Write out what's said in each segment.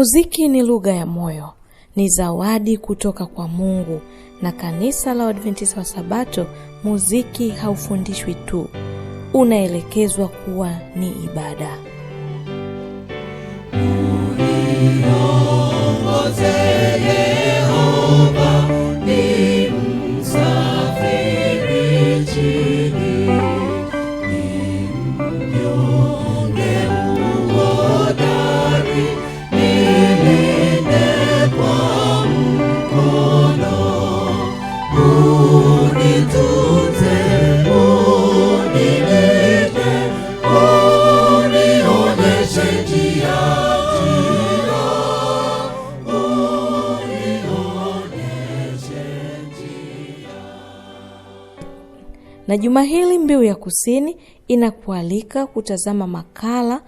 Muziki ni lugha ya moyo, ni zawadi kutoka kwa Mungu na kanisa la Waadventista wa Sabato. Muziki haufundishwi tu, unaelekezwa kuwa ni ibada. Uniongoze Na juma hili Mbiu ya Kusini inakualika kutazama makala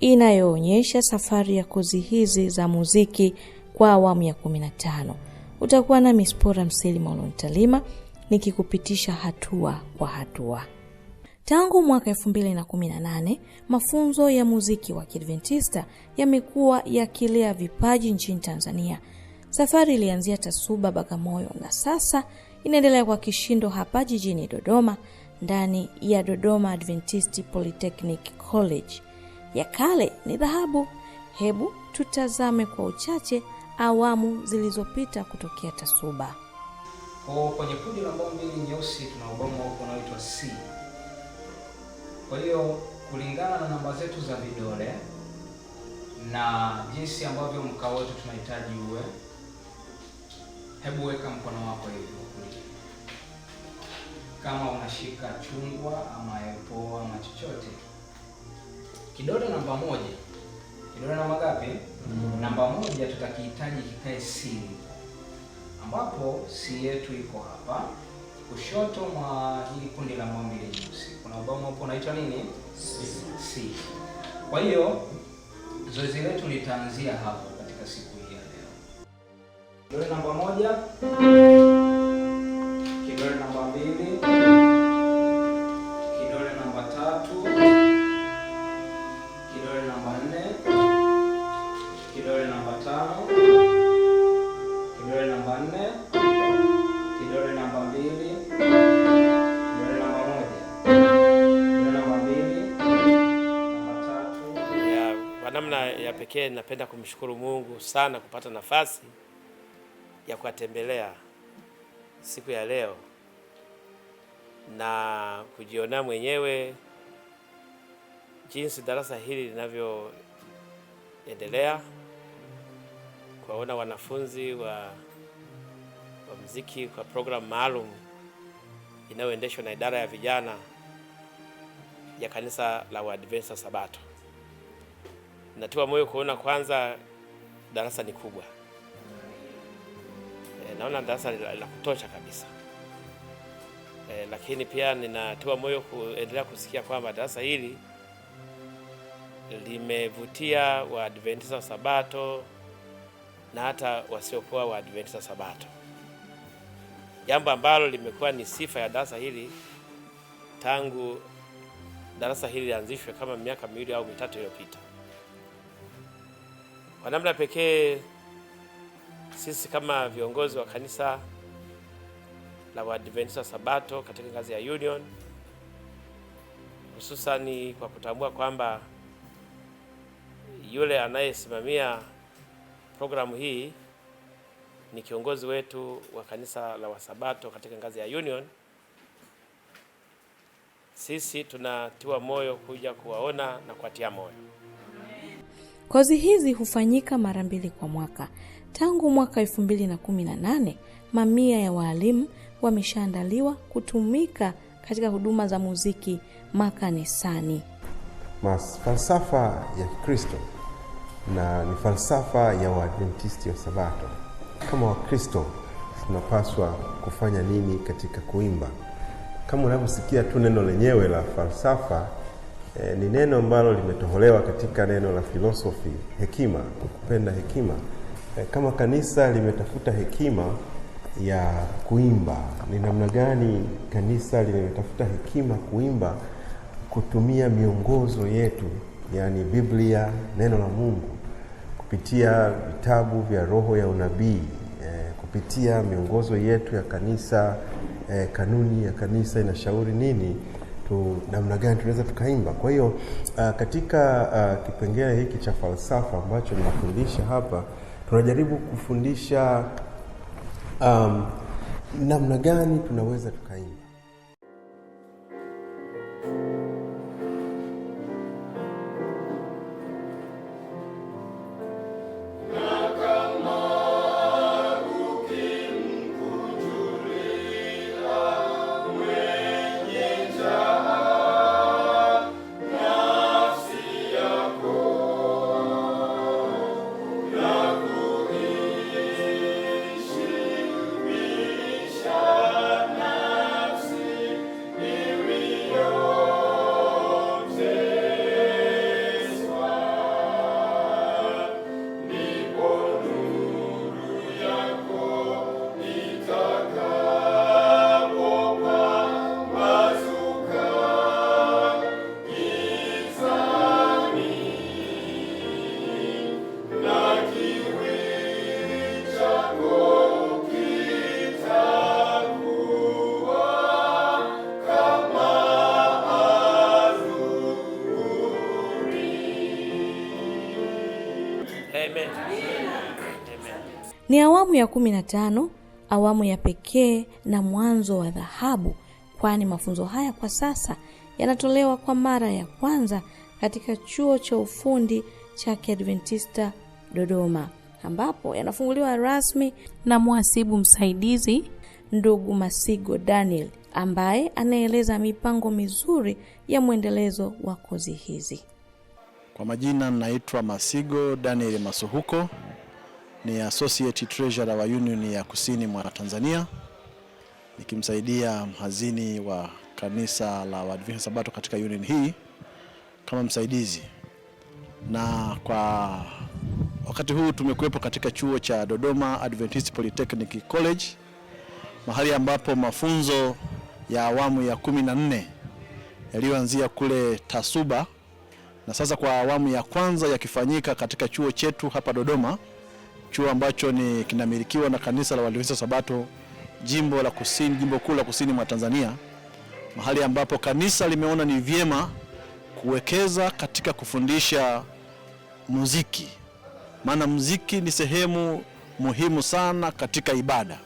inayoonyesha safari ya kozi hizi za muziki kwa awamu ya 15. Utakuwa nami Spora Mseli Maulontalima nikikupitisha hatua kwa hatua. Tangu mwaka 218 mafunzo ya muziki wa Kiadventista yamekuwa yakilea vipaji nchini Tanzania. Safari ilianzia Tasuba, Bagamoyo na sasa inaendelea kwa kishindo hapa jijini Dodoma ndani ya Dodoma Adventist Polytechnic College. Ya kale ni dhahabu. Hebu tutazame kwa uchache awamu zilizopita kutokea TASUBA. kwenye kundi la bao mbili nyeusi tuna ubao mweupe unaoitwa C. Kwa hiyo kulingana na namba zetu za vidole na jinsi ambavyo mkao wetu tunahitaji uwe, hebu weka mkono wako hivi kama unashika chungwa ama epo ama chochote. Kidole namba moja, kidole namba ngapi? Mm. Namba moja tutakihitaji kikae C, ambapo C yetu iko hapa kushoto mwa hili kundi la maumbile nyeusi. Kuna ubao hapo unaitwa nini? C. Kwa hiyo zoezi letu litaanzia hapo katika siku hii ya leo. Kidole namba moja pekee napenda kumshukuru Mungu sana kupata nafasi ya kuwatembelea siku ya leo na kujiona mwenyewe jinsi darasa hili linavyoendelea, kuwaona wanafunzi wa, wa muziki kwa programu maalum inayoendeshwa na idara ya vijana ya kanisa la Waadventista Sabato natiwa moyo kuona kwanza darasa ni kubwa e, naona darasa la kutosha kabisa e, lakini pia ninatiwa moyo kuendelea kusikia kwamba darasa hili limevutia Waadventista wa Sabato na hata wasiokuwa Waadventista wa Sabato, jambo ambalo limekuwa ni sifa ya darasa hili tangu darasa hili lianzishwe kama miaka miwili au mitatu iliyopita. Kwa namna pekee sisi kama viongozi wa kanisa la Waadventista Sabato katika ngazi ya Union, hususani kwa kutambua kwamba yule anayesimamia programu hii ni kiongozi wetu wa kanisa la Wasabato katika ngazi ya Union, sisi tunatiwa moyo kuja kuwaona na kuwatia moyo. Kozi hizi hufanyika mara mbili kwa mwaka. Tangu mwaka e218 mamia ya waalimu wameshaandaliwa kutumika katika huduma za muziki makanisani. falsafa ya Kikristo na ni falsafa ya Waadventisti wa Sabato. Kama Wakristo tunapaswa kufanya nini katika kuimba? Kama unavyosikia tu neno lenyewe la falsafa E, ni neno ambalo limetoholewa katika neno la filosofi hekima, kupenda hekima. E, kama kanisa limetafuta hekima ya kuimba, ni namna gani kanisa limetafuta hekima kuimba kutumia miongozo yetu, yani Biblia, neno la Mungu, kupitia vitabu vya roho ya unabii e, kupitia miongozo yetu ya kanisa e, kanuni ya kanisa inashauri nini tu namna gani tunaweza tukaimba. Kwa hiyo uh, katika uh, kipengele hiki cha falsafa ambacho ninafundisha hapa, tunajaribu kufundisha um, namna gani tunaweza tukaimba ya 15 awamu ya pekee na mwanzo wa dhahabu, kwani mafunzo haya kwa sasa yanatolewa kwa mara ya kwanza katika chuo cha ufundi cha Kiadventista Dodoma, ambapo yanafunguliwa rasmi na mwasibu msaidizi ndugu Masigo Daniel ambaye anaeleza mipango mizuri ya mwendelezo wa kozi hizi. Kwa majina naitwa Masigo Daniel Masuhuko ni associate treasurer wa Union ya Kusini mwa Tanzania, nikimsaidia mhazini wa kanisa la Waadventista Sabato katika union hii kama msaidizi. Na kwa wakati huu tumekuwepo katika chuo cha Dodoma Adventist Polytechnic College, mahali ambapo mafunzo ya awamu ya kumi na nne yaliyoanzia kule Tasuba na sasa kwa awamu ya kwanza yakifanyika katika chuo chetu hapa Dodoma chuo ambacho ni kinamilikiwa na kanisa la Waadventista Sabato jimbo la kusini, jimbo kuu la kusini mwa Tanzania, mahali ambapo kanisa limeona ni vyema kuwekeza katika kufundisha muziki, maana muziki ni sehemu muhimu sana katika ibada.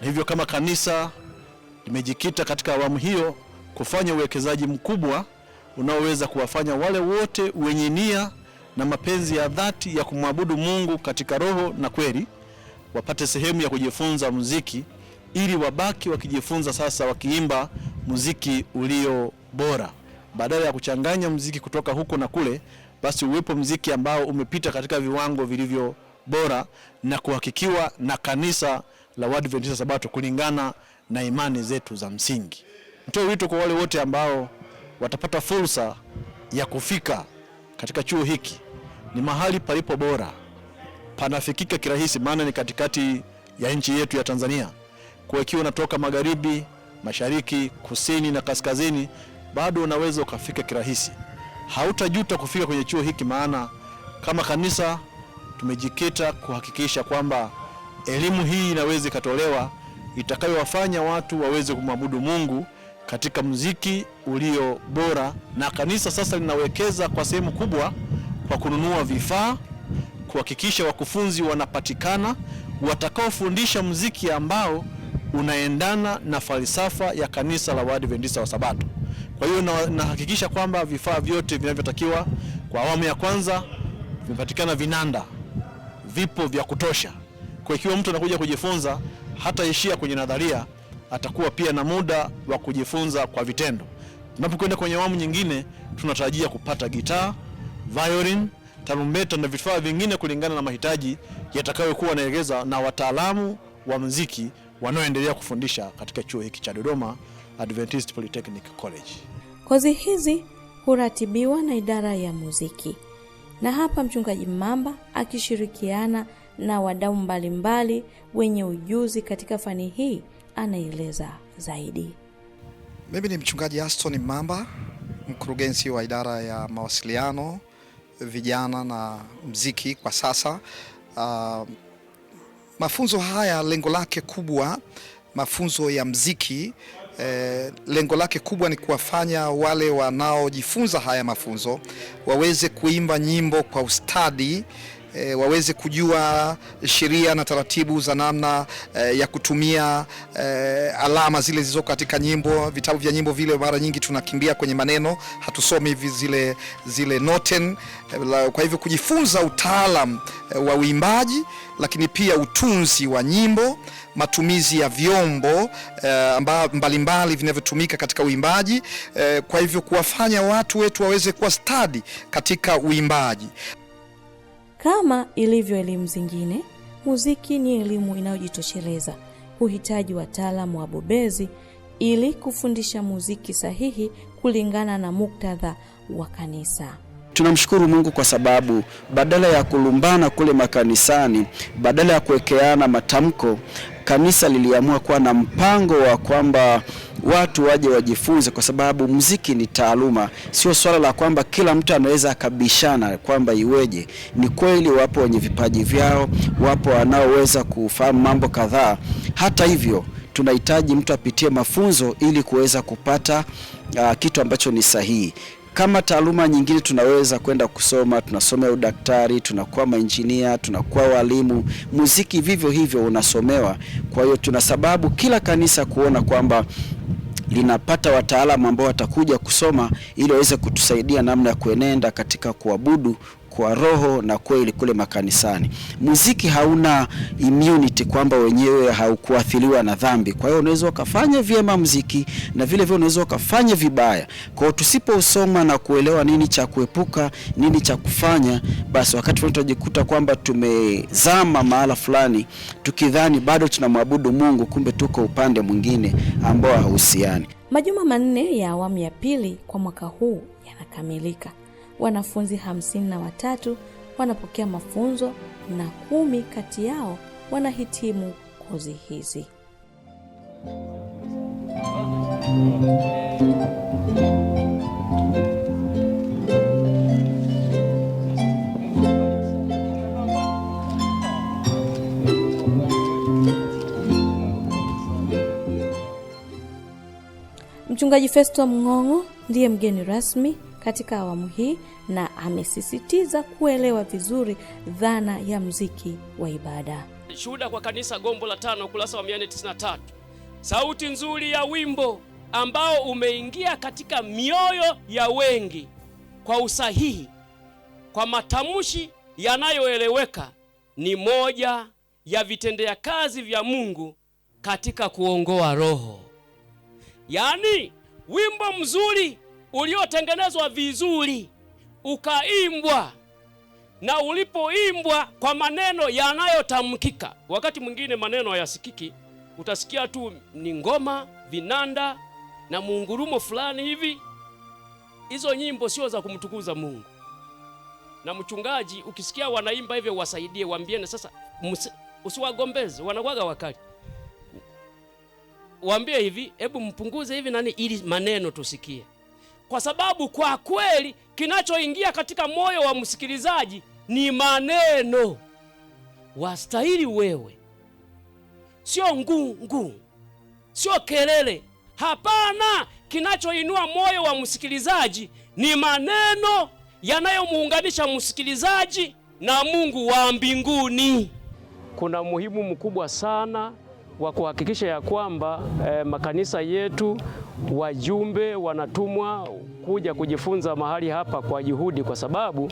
Na hivyo kama kanisa limejikita katika awamu hiyo kufanya uwekezaji mkubwa unaoweza kuwafanya wale wote wenye nia na mapenzi ya dhati ya kumwabudu Mungu katika roho na kweli, wapate sehemu ya kujifunza muziki ili wabaki wakijifunza sasa, wakiimba muziki ulio bora, badala ya kuchanganya muziki kutoka huko na kule, basi uwepo muziki ambao umepita katika viwango vilivyo bora na kuhakikiwa na kanisa la Waadventista Sabato kulingana na imani zetu za msingi. Mtoe wito kwa wale wote ambao watapata fursa ya kufika katika chuo hiki ni mahali palipo bora, panafikika kirahisi, maana ni katikati ya nchi yetu ya Tanzania. Kwa ikiwa unatoka magharibi, mashariki, kusini na kaskazini, bado unaweza ukafika kirahisi. Hautajuta kufika kwenye chuo hiki, maana kama kanisa tumejikita kuhakikisha kwamba elimu hii inaweza ikatolewa itakayowafanya watu waweze kumwabudu Mungu katika mziki ulio bora, na kanisa sasa linawekeza kwa sehemu kubwa kwa kununua vifaa, kuhakikisha wakufunzi wanapatikana watakaofundisha mziki ambao unaendana na falsafa ya kanisa la Waadventista wa Sabato. Kwa hiyo nahakikisha na kwamba vifaa vyote vinavyotakiwa kwa awamu ya kwanza vimepatikana, vinanda vipo vya kutosha, kwa ikiwa mtu anakuja kujifunza hataishia kwenye nadharia atakuwa pia na muda wa kujifunza kwa vitendo. Tunapokwenda kwenye awamu nyingine, tunatarajia kupata gitaa, violin, tarumbeta na vifaa vingine kulingana na mahitaji yatakayokuwa naelekeza na wataalamu wa muziki wanaoendelea kufundisha katika chuo hiki cha Dodoma Adventist Polytechnic College. Kozi hizi huratibiwa na idara ya muziki, na hapa Mchungaji Mamba akishirikiana na wadau mbalimbali wenye ujuzi katika fani hii anaeleza zaidi. Mimi ni mchungaji Aston Mamba, mkurugenzi wa idara ya mawasiliano, vijana na mziki kwa sasa. Uh, mafunzo haya lengo lake kubwa, mafunzo ya mziki eh, lengo lake kubwa ni kuwafanya wale wanaojifunza haya mafunzo waweze kuimba nyimbo kwa ustadi e, waweze kujua sheria na taratibu za namna e, ya kutumia e, alama zile zilizoko katika nyimbo. Vitabu vya nyimbo vile mara nyingi tunakimbia kwenye maneno, hatusomi hivi zile, zile noten. E, kwa hivyo kujifunza utaalam e, wa uimbaji, lakini pia utunzi wa nyimbo, matumizi ya vyombo e, mbalimbali vinavyotumika katika uimbaji e, kwa hivyo kuwafanya watu wetu waweze kuwa stadi katika uimbaji. Kama ilivyo elimu zingine, muziki ni elimu inayojitosheleza, huhitaji wataalamu bobezi ili kufundisha muziki sahihi kulingana na muktadha wa kanisa. Tunamshukuru Mungu kwa sababu badala ya kulumbana kule makanisani, badala ya kuwekeana matamko, kanisa liliamua kuwa na mpango wa kwamba watu waje wajifunze, kwa sababu muziki ni taaluma, sio swala la kwamba kila mtu anaweza akabishana kwamba iweje. Ni kweli wapo wenye vipaji vyao, wapo wanaoweza kufahamu mambo kadhaa. Hata hivyo tunahitaji mtu apitie mafunzo ili kuweza kupata uh, kitu ambacho ni sahihi. Kama taaluma nyingine tunaweza kwenda kusoma, tunasomea udaktari, tunakuwa mainjinia, tunakuwa walimu. Muziki vivyo hivyo unasomewa. Kwa hiyo tuna sababu kila kanisa kuona kwamba linapata wataalamu ambao watakuja kusoma ili waweze kutusaidia namna ya kuenenda katika kuabudu kwa roho na kweli kule makanisani. Muziki hauna immunity kwamba wenyewe haukuathiriwa na dhambi, kwa hiyo unaweza ukafanya vyema muziki na vile vile unaweza ukafanya vibaya. Kwa hiyo tusipousoma na kuelewa nini cha kuepuka, nini cha kufanya, basi wakati tutajikuta kwamba tumezama mahala fulani, tukidhani bado tunamwabudu Mungu, kumbe tuko upande mwingine ambao hauhusiani. Majuma manne ya awamu ya pili kwa mwaka huu yanakamilika wanafunzi hamsini na watatu wanapokea mafunzo na kumi kati yao wanahitimu kozi hizi. Mchungaji Festo Mng'ong'o ndiye mgeni rasmi katika awamu hii na amesisitiza kuelewa vizuri dhana ya mziki wa ibada. Shuhuda kwa Kanisa, gombo la tano, ukurasa wa 193. Sauti nzuri ya wimbo ambao umeingia katika mioyo ya wengi kwa usahihi, kwa matamshi yanayoeleweka, ni moja ya vitendea kazi vya Mungu katika kuongoa roho. Yaani, wimbo mzuri uliotengenezwa vizuri ukaimbwa, na ulipoimbwa kwa maneno yanayotamkika. Wakati mwingine maneno hayasikiki, utasikia tu ni ngoma, vinanda na muungurumo fulani hivi. Hizo nyimbo sio za kumtukuza Mungu. Na mchungaji, ukisikia wanaimba hivyo, wasaidie, waambieni sasa, usiwagombeze, wanakuwaga wakali Waambie hivi, hebu mpunguze hivi nani, ili maneno tusikie kwa sababu kwa kweli kinachoingia katika moyo wa msikilizaji ni maneno wastahili wewe, sio ngungu sio kelele. Hapana, kinachoinua moyo wa msikilizaji ni maneno yanayomuunganisha msikilizaji na Mungu wa mbinguni. Kuna muhimu mkubwa sana wa kuhakikisha ya kwamba eh, makanisa yetu wajumbe wanatumwa kuja kujifunza mahali hapa kwa juhudi, kwa sababu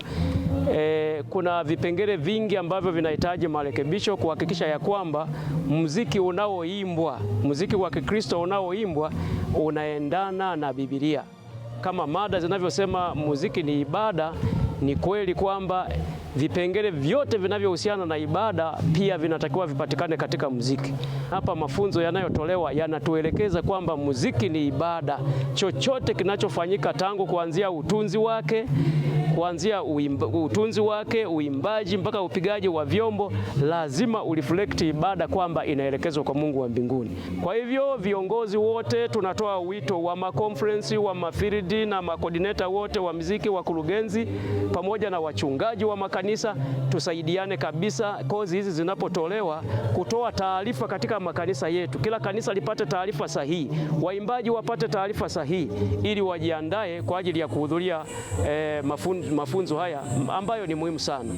eh, kuna vipengele vingi ambavyo vinahitaji marekebisho kuhakikisha ya kwamba muziki unaoimbwa, muziki wa Kikristo unaoimbwa unaendana na Biblia kama mada zinavyosema muziki ni ibada. Ni kweli kwamba vipengele vyote vinavyohusiana na ibada pia vinatakiwa vipatikane katika muziki. Hapa mafunzo yanayotolewa yanatuelekeza kwamba muziki ni ibada, chochote kinachofanyika tangu kuanzia utunzi wake kuanzia utunzi wake, uimbaji mpaka upigaji wa vyombo lazima ureflect ibada kwamba inaelekezwa kwa Mungu wa mbinguni. Kwa hivyo viongozi wote tunatoa wito wa makonferensi wa mafiridi na makoordineta wote wa muziki, wakurugenzi pamoja na wachungaji wa makanisa, tusaidiane kabisa kozi hizi zinapotolewa kutoa taarifa katika makanisa yetu, kila kanisa lipate taarifa sahihi, waimbaji wapate taarifa sahihi ili wajiandae kwa ajili ya kuhudhuria eh, mafunzo mafunzo haya ambayo ni muhimu sana.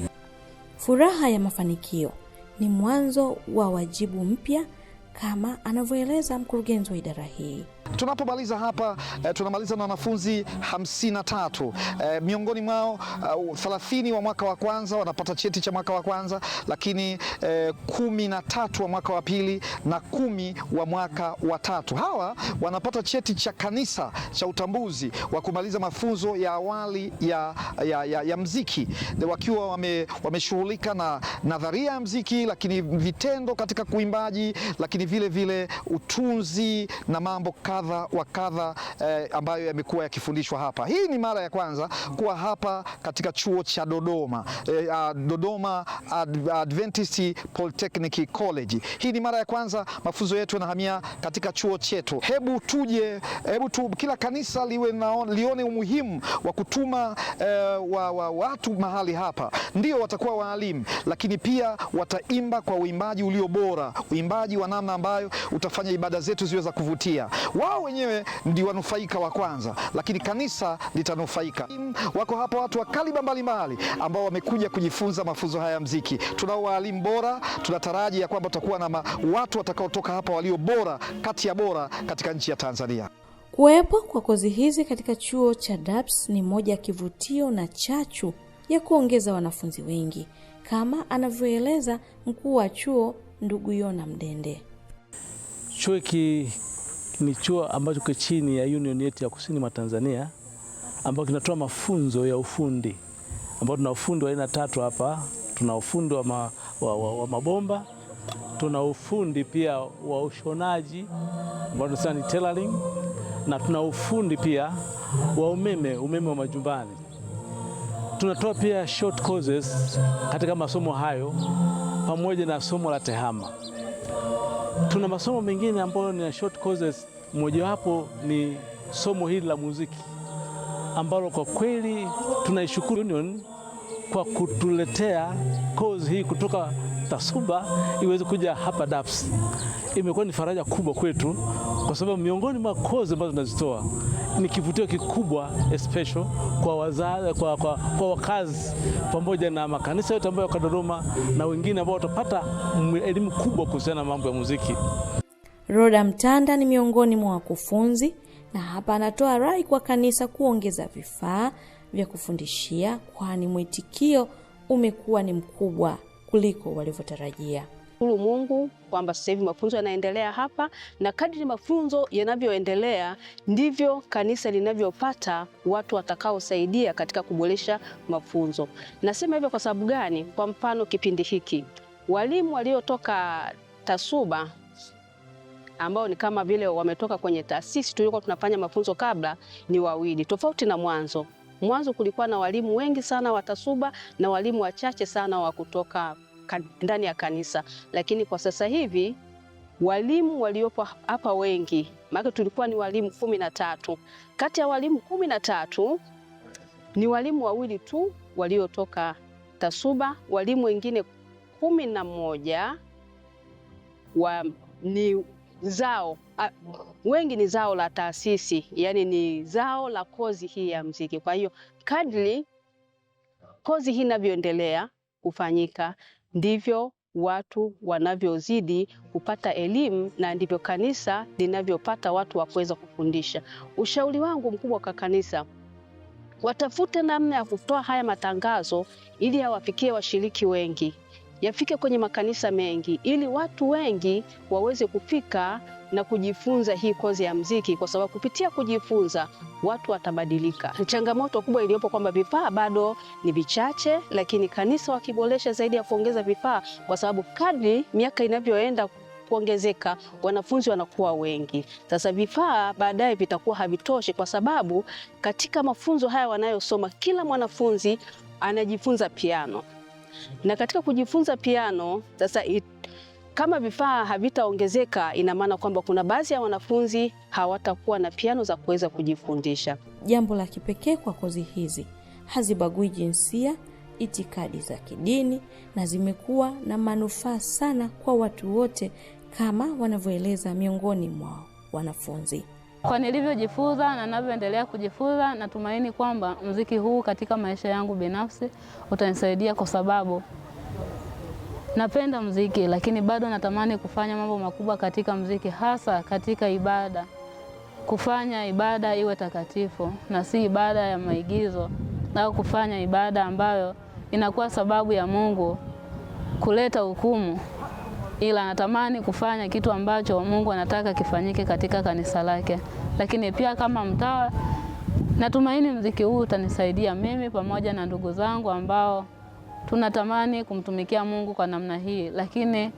Furaha ya mafanikio ni mwanzo wa wajibu mpya kama anavyoeleza mkurugenzi wa idara hii. Tunapomaliza hapa eh, tunamaliza na wanafunzi 53 eh, miongoni mwao uh, eh, 30 wa mwaka wa kwanza wanapata cheti cha mwaka wa kwanza, lakini eh, kumi na tatu wa mwaka wa pili na kumi wa mwaka wa tatu. Hawa wanapata cheti cha kanisa cha utambuzi wa kumaliza mafunzo ya awali ya, ya, ya, ya mziki wakiwa wameshughulika wame na nadharia ya mziki, lakini vitendo katika kuimbaji, lakini vile vile utunzi na mambo kadha kadha wa kadha eh, ambayo yamekuwa yakifundishwa hapa. Hii ni mara ya kwanza kuwa hapa katika chuo cha Dodoma eh, uh, Dodoma Ad Adventist Polytechnic College. Hii ni mara ya kwanza mafunzo yetu yanahamia katika chuo chetu. Hebu tuje, hebu tu, kila kanisa liwe na, lione umuhimu wa kutuma eh, wa, wa, watu mahali hapa. Ndio watakuwa waalimu, lakini pia wataimba kwa uimbaji ulio bora, uimbaji wa namna ambayo utafanya ibada zetu ziwe za kuvutia wao wenyewe ndio wanufaika wa kwanza, lakini kanisa litanufaika. Wako hapa watu wa kaliba mbalimbali ambao wamekuja kujifunza mafunzo haya ya mziki. Tunao waalimu bora, tunataraji ya kwamba tutakuwa na watu watakaotoka hapa walio bora kati ya bora katika nchi ya Tanzania. Kuwepo kwa kozi hizi katika chuo cha DAPS ni moja ya kivutio na chachu ya kuongeza wanafunzi wengi kama anavyoeleza mkuu wa chuo ndugu Yona Mdende. Chuo ni chuo ambacho kiko chini ya union yetu ya kusini mwa Tanzania ambao kinatoa mafunzo ya ufundi ambao tuna ufundi wa aina tatu hapa. Tuna ufundi wa, ma, wa, wa, wa mabomba, tuna ufundi pia wa ushonaji ambao tunasema ni tailoring, na tuna ufundi pia wa umeme, umeme wa majumbani. Tunatoa pia short courses katika masomo hayo pamoja na somo la tehama. Tuna masomo mengine ambayo ni short courses mojawapo ni somo hili la muziki ambalo kwa kweli tunaishukuru Union kwa kutuletea kozi hii kutoka TASUBA iweze kuja hapa DAFS. Imekuwa ni faraja kubwa kwetu, kwa sababu miongoni mwa kozi ambazo tunazitoa ni kivutio kikubwa especially kwa wazazi, kwa, kwa, kwa wakazi pamoja na makanisa yote ambayo yako Dodoma na wengine ambao watapata elimu kubwa kuhusiana na mambo ya muziki. Roda Mtanda ni miongoni mwa wakufunzi na hapa anatoa rai kwa kanisa kuongeza vifaa vya kufundishia kwani mwitikio umekuwa ni mkubwa kuliko walivyotarajia. Shukuru Mungu kwamba sasa hivi mafunzo yanaendelea hapa, na kadri mafunzo yanavyoendelea ndivyo kanisa linavyopata watu watakaosaidia katika kuboresha mafunzo. Nasema hivyo kwa sababu gani? Kwa mfano, kipindi hiki walimu waliotoka Tasuba ambao ni kama vile wametoka kwenye taasisi tulikuwa tunafanya mafunzo kabla ni wawili, tofauti na mwanzo. Mwanzo kulikuwa na walimu wengi sana wa TASUBA na walimu wachache sana wa kutoka ndani ya kanisa, lakini kwa sasa hivi walimu waliopo hapa wengi, maana tulikuwa ni walimu kumi na tatu. Kati ya walimu kumi na tatu ni walimu wawili tu waliotoka TASUBA, walimu wengine kumi na moja wa, ni zao a, wengi ni zao la taasisi, yani ni zao la kozi hii ya mziki. Kwa hiyo kadri kozi hii inavyoendelea kufanyika ndivyo watu wanavyozidi kupata elimu na ndivyo kanisa linavyopata watu wa kuweza kufundisha. Ushauri wangu mkubwa kwa kanisa, watafute namna ya kutoa haya matangazo ili yawafikie washiriki wengi yafike kwenye makanisa mengi ili watu wengi waweze kufika na kujifunza hii kozi ya mziki, kwa sababu kupitia kujifunza watu watabadilika. Changamoto kubwa iliyopo kwamba vifaa bado ni vichache, lakini kanisa wakiboresha zaidi ya kuongeza vifaa, kwa sababu kadri miaka inavyoenda kuongezeka wanafunzi wanakuwa wengi. Sasa vifaa baadaye vitakuwa havitoshi, kwa sababu katika mafunzo haya wanayosoma, kila mwanafunzi anajifunza piano. Na katika kujifunza piano sasa it, kama vifaa havitaongezeka, ina maana kwamba kuna baadhi ya wanafunzi hawatakuwa na piano za kuweza kujifundisha. Jambo la kipekee kwa kozi hizi, hazibagui jinsia, itikadi za kidini, na zimekuwa na manufaa sana kwa watu wote, kama wanavyoeleza miongoni mwa wanafunzi. Kwa nilivyojifunza na ninavyoendelea kujifunza, natumaini kwamba mziki huu katika maisha yangu binafsi utanisaidia, kwa sababu napenda mziki, lakini bado natamani kufanya mambo makubwa katika mziki, hasa katika ibada, kufanya ibada iwe takatifu na si ibada ya maigizo au kufanya ibada ambayo inakuwa sababu ya Mungu kuleta hukumu ila anatamani kufanya kitu ambacho Mungu anataka kifanyike katika kanisa lake. Lakini pia kama mtawa, natumaini mziki huu utanisaidia mimi pamoja na ndugu zangu ambao tunatamani kumtumikia Mungu kwa namna hii, lakini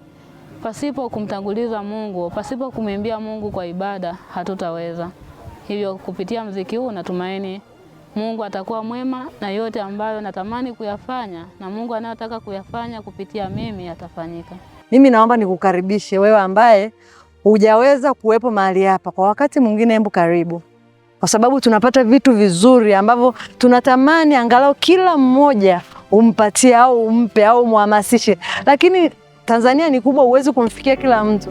pasipo kumtanguliza Mungu, pasipo kumwimbia Mungu kwa ibada hatutaweza. Hivyo kupitia mziki huu natumaini Mungu atakuwa mwema na yote ambayo natamani kuyafanya na Mungu anayotaka kuyafanya kupitia mimi yatafanyika. Mimi naomba nikukaribishe wewe ambaye hujaweza kuwepo mahali hapa kwa wakati mwingine, hebu karibu, kwa sababu tunapata vitu vizuri ambavyo tunatamani angalau kila mmoja umpatie au umpe au umhamasishe, lakini Tanzania ni kubwa, huwezi kumfikia kila mtu.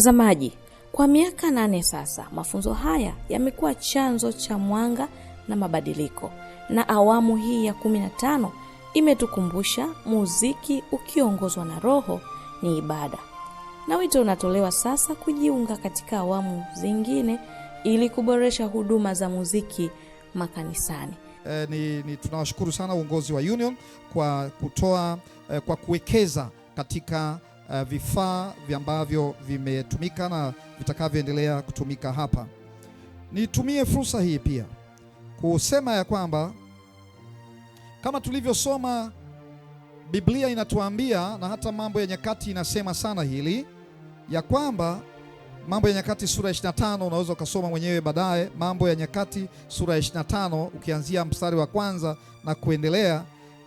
Mtazamaji, kwa miaka nane sasa, mafunzo haya yamekuwa chanzo cha mwanga na mabadiliko, na awamu hii ya 15 imetukumbusha muziki ukiongozwa na Roho ni ibada, na wito unatolewa sasa kujiunga katika awamu zingine ili kuboresha huduma za muziki makanisani. E, ni, ni tunawashukuru sana uongozi wa Union kwa kutoa e, kwa kuwekeza katika uh, vifaa ambavyo vimetumika na vitakavyoendelea kutumika hapa. Nitumie fursa hii pia kusema ya kwamba kama tulivyosoma Biblia inatuambia na hata Mambo ya Nyakati inasema sana hili ya kwamba Mambo ya Nyakati sura ya 25, unaweza ukasoma mwenyewe baadaye. Mambo ya Nyakati sura ya 25 ukianzia mstari wa kwanza na kuendelea,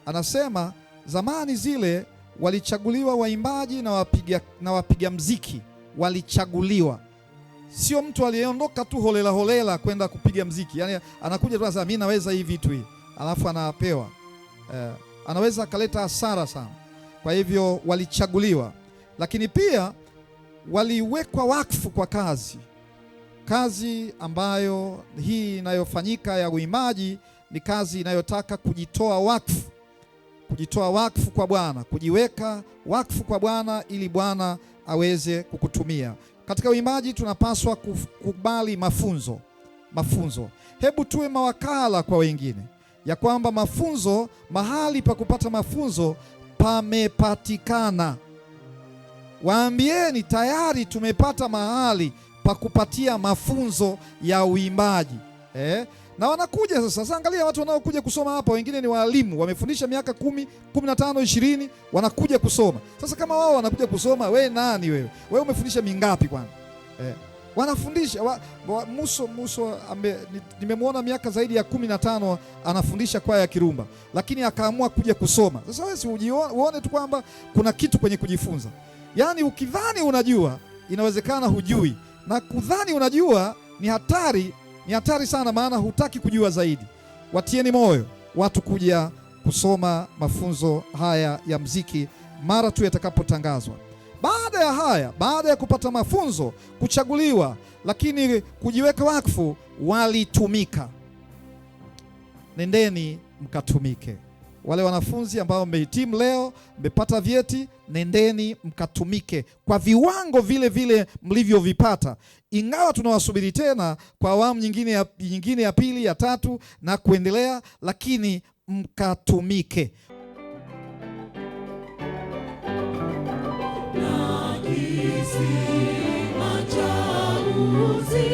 anasema zamani zile walichaguliwa waimbaji na wapiga, na wapiga mziki walichaguliwa. Sio mtu aliyeondoka tu holela holela kwenda kupiga mziki, Yani anakuja tu anasema mimi naweza hii vitu hii, alafu anapewa eh, anaweza akaleta hasara sana. Kwa hivyo walichaguliwa, lakini pia waliwekwa wakfu kwa kazi kazi ambayo hii inayofanyika ya uimaji ni kazi inayotaka kujitoa wakfu kujitoa wakfu kwa Bwana, kujiweka wakfu kwa Bwana ili Bwana aweze kukutumia. Katika uimbaji tunapaswa kukubali mafunzo. Mafunzo, hebu tuwe mawakala kwa wengine, ya kwamba mafunzo, mahali pa kupata mafunzo pamepatikana. Waambieni tayari tumepata mahali pa kupatia mafunzo ya uimbaji eh? na wanakuja sasa. Sasa angalia watu wanaokuja kusoma hapa, wengine ni walimu wamefundisha miaka kumi, kumi na tano, ishirini, wanakuja kusoma sasa. Kama wao wanakuja kusoma, we nani wewe? Wewe umefundisha mingapi kwani eh? Wanafundisha wa, wa, Muso, Muso nimemwona miaka zaidi ya kumi na tano anafundisha kwaya ya Kirumba, lakini akaamua kuja kusoma. Sasa wewe si uone tu kwamba kuna kitu kwenye kujifunza? Yaani ukidhani unajua, inawezekana hujui, na kudhani unajua ni hatari ni hatari sana, maana hutaki kujua zaidi. Watieni moyo watu kuja kusoma mafunzo haya ya mziki mara tu yatakapotangazwa. Baada ya haya, baada ya kupata mafunzo, kuchaguliwa, lakini kujiweka wakfu, walitumika. Nendeni mkatumike. Wale wanafunzi ambao mmehitimu leo, mmepata vyeti, nendeni mkatumike kwa viwango vile vile mlivyovipata, ingawa tunawasubiri tena kwa awamu nyingine ya, nyingine ya pili ya tatu na kuendelea, lakini mkatumike. Najisi, majauzi.